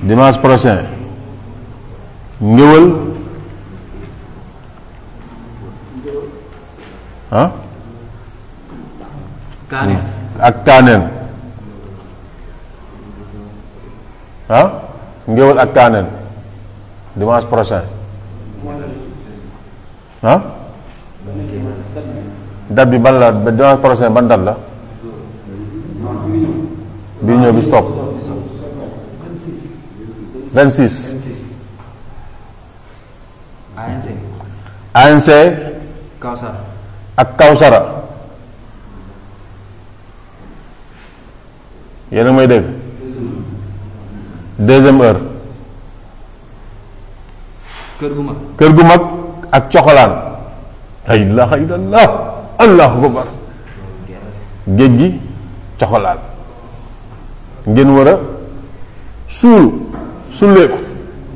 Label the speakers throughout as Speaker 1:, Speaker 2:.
Speaker 1: dimanche prochain ngéwël ah ak kaaneen ah ngéwël ak kaaneen dimanche prochain ah date bi ban la dimanche prochain ban date la bii ñëw bi stop 26. ANC. ANC. ak Kawsara. yéen a may dégg. deuxième heure. kër gu mag. ak coxolaan. la ilaha illallah allahu akbar géej gi coxolaan. ngeen war suulu. sulleeku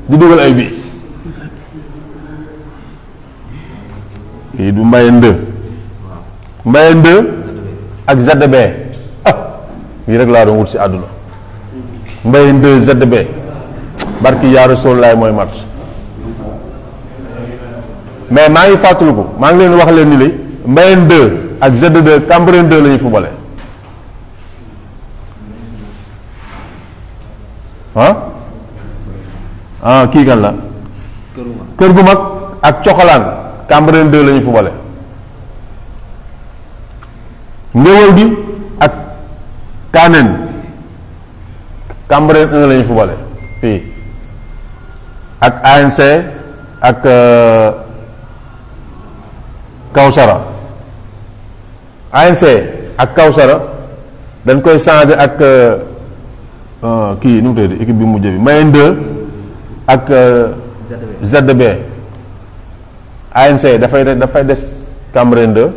Speaker 1: di dugal ay bii lii du mbayeen deux mbayeen deux ak ZDB ah lii rek laa doon wut si àdduna mbayeen deux ZDB barki yaa Rasulullaay mooy mat mais maa ngi fàttaliku maa ngi leen wax leen ni li mbayeen deux ak ZDB Cambérène deux la ñuy footballé ah kii kan la. kër gu mag ak coxalaan Cambérène 2 la ñu fubale. ndéwal gi ak kaaneen Cambérène 1 la fubale fii ak ANC ak euh, Kawsara ANC ak Kawsara dañ koy changer ak euh, euh, kii nu mu tëddee équipe bi mujj bi Mayenne 2. ak euh, ZDB ANC dafay dafay des Cambérène 2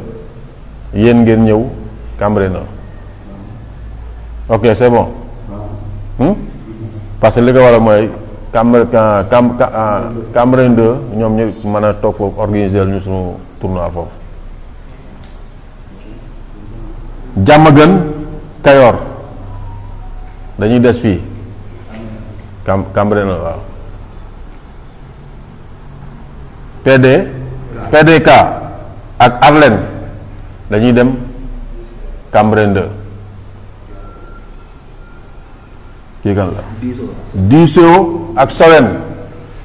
Speaker 1: yéen ngeen ñëw Cambérène 1 ok c'est bon ah. hmm? que li ko war a mooy ah, Cambérène Cam Cambérène 2 ñoom ñu mën a toog foofu organiser ñu suñu tournoi foofu Diamaguène Kayor dañuy des fii Cam Cambérène waaw PD PDK ak Arlène dañuy dem Cambérène 2 kii ak Solem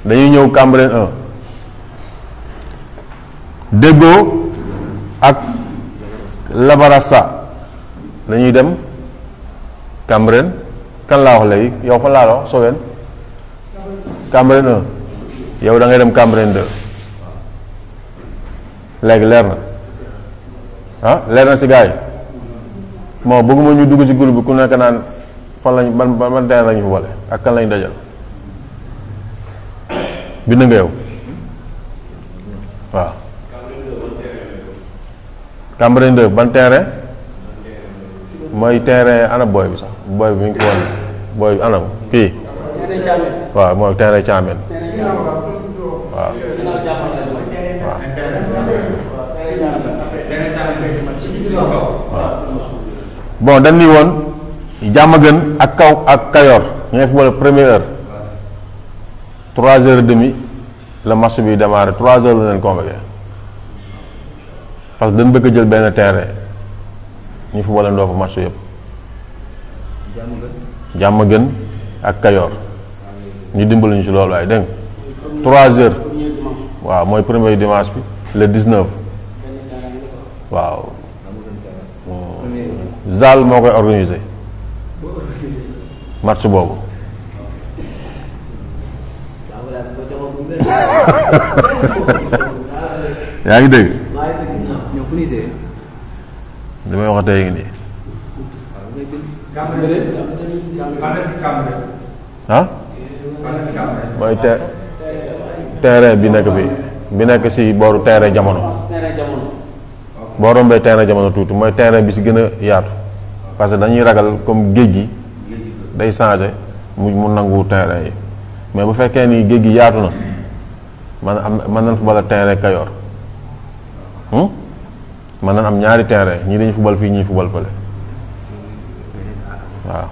Speaker 1: dañuy ñëw Cambérène 1 Déggo ak Labarassa dañuy dem Cambérène kan laa wax léegi yow fan laa la wax Solem Cambérène 1 yow da dem Cambérène léegi leer na ah leer na si gars yi bon bëgguma ñu dugg ci groupe bi ku nekk naan fan lañ ban ban daan lañu boole ak kan lañ dajal bind nga yow waaw. Cambérène ban terrain mooy terrain ana booy bi sax booy bi mi ngi booy bi anam kii waaw mooy terrain Thiamène
Speaker 2: waaw waaw.
Speaker 1: bon dañ ni woon Diamaguène ak kaw ak Kayor ñooy football première heure trois heures et demie la match bi démarré trois heures la leen convoqué parce que dañ bëgg a jël benn terrain ñu football leen doo fa match yëpp Diamaguène ak Kayor ñu dimbali ñu ci loolu waaye dégg trois heures waaw mooy premier dimanche bi le 19. waaw zal moo koy organisé match boobu yaa ngi dégg li may wax tey ngi nii ah mooy te terrain bi nekk bi bi nekk ci booru terrain jamono boo rombee terrain jamono tuuti mooy terrain bi si gën a yaatu parce que dañuy ragal comme géej gi day changé mu mu nangu terrain yi mais bu fekkee ni géej gi yaatu na man am mën nañ football terrain Kayoor hmm? mën nañ am ñaari terrain ñii dañuy football fii ñuy football fële waaw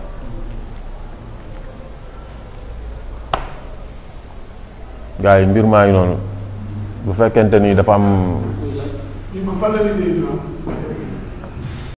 Speaker 1: gars yi mbir maa ngi noonu bu fekkente ni dafa am ñu ko fan la liggéey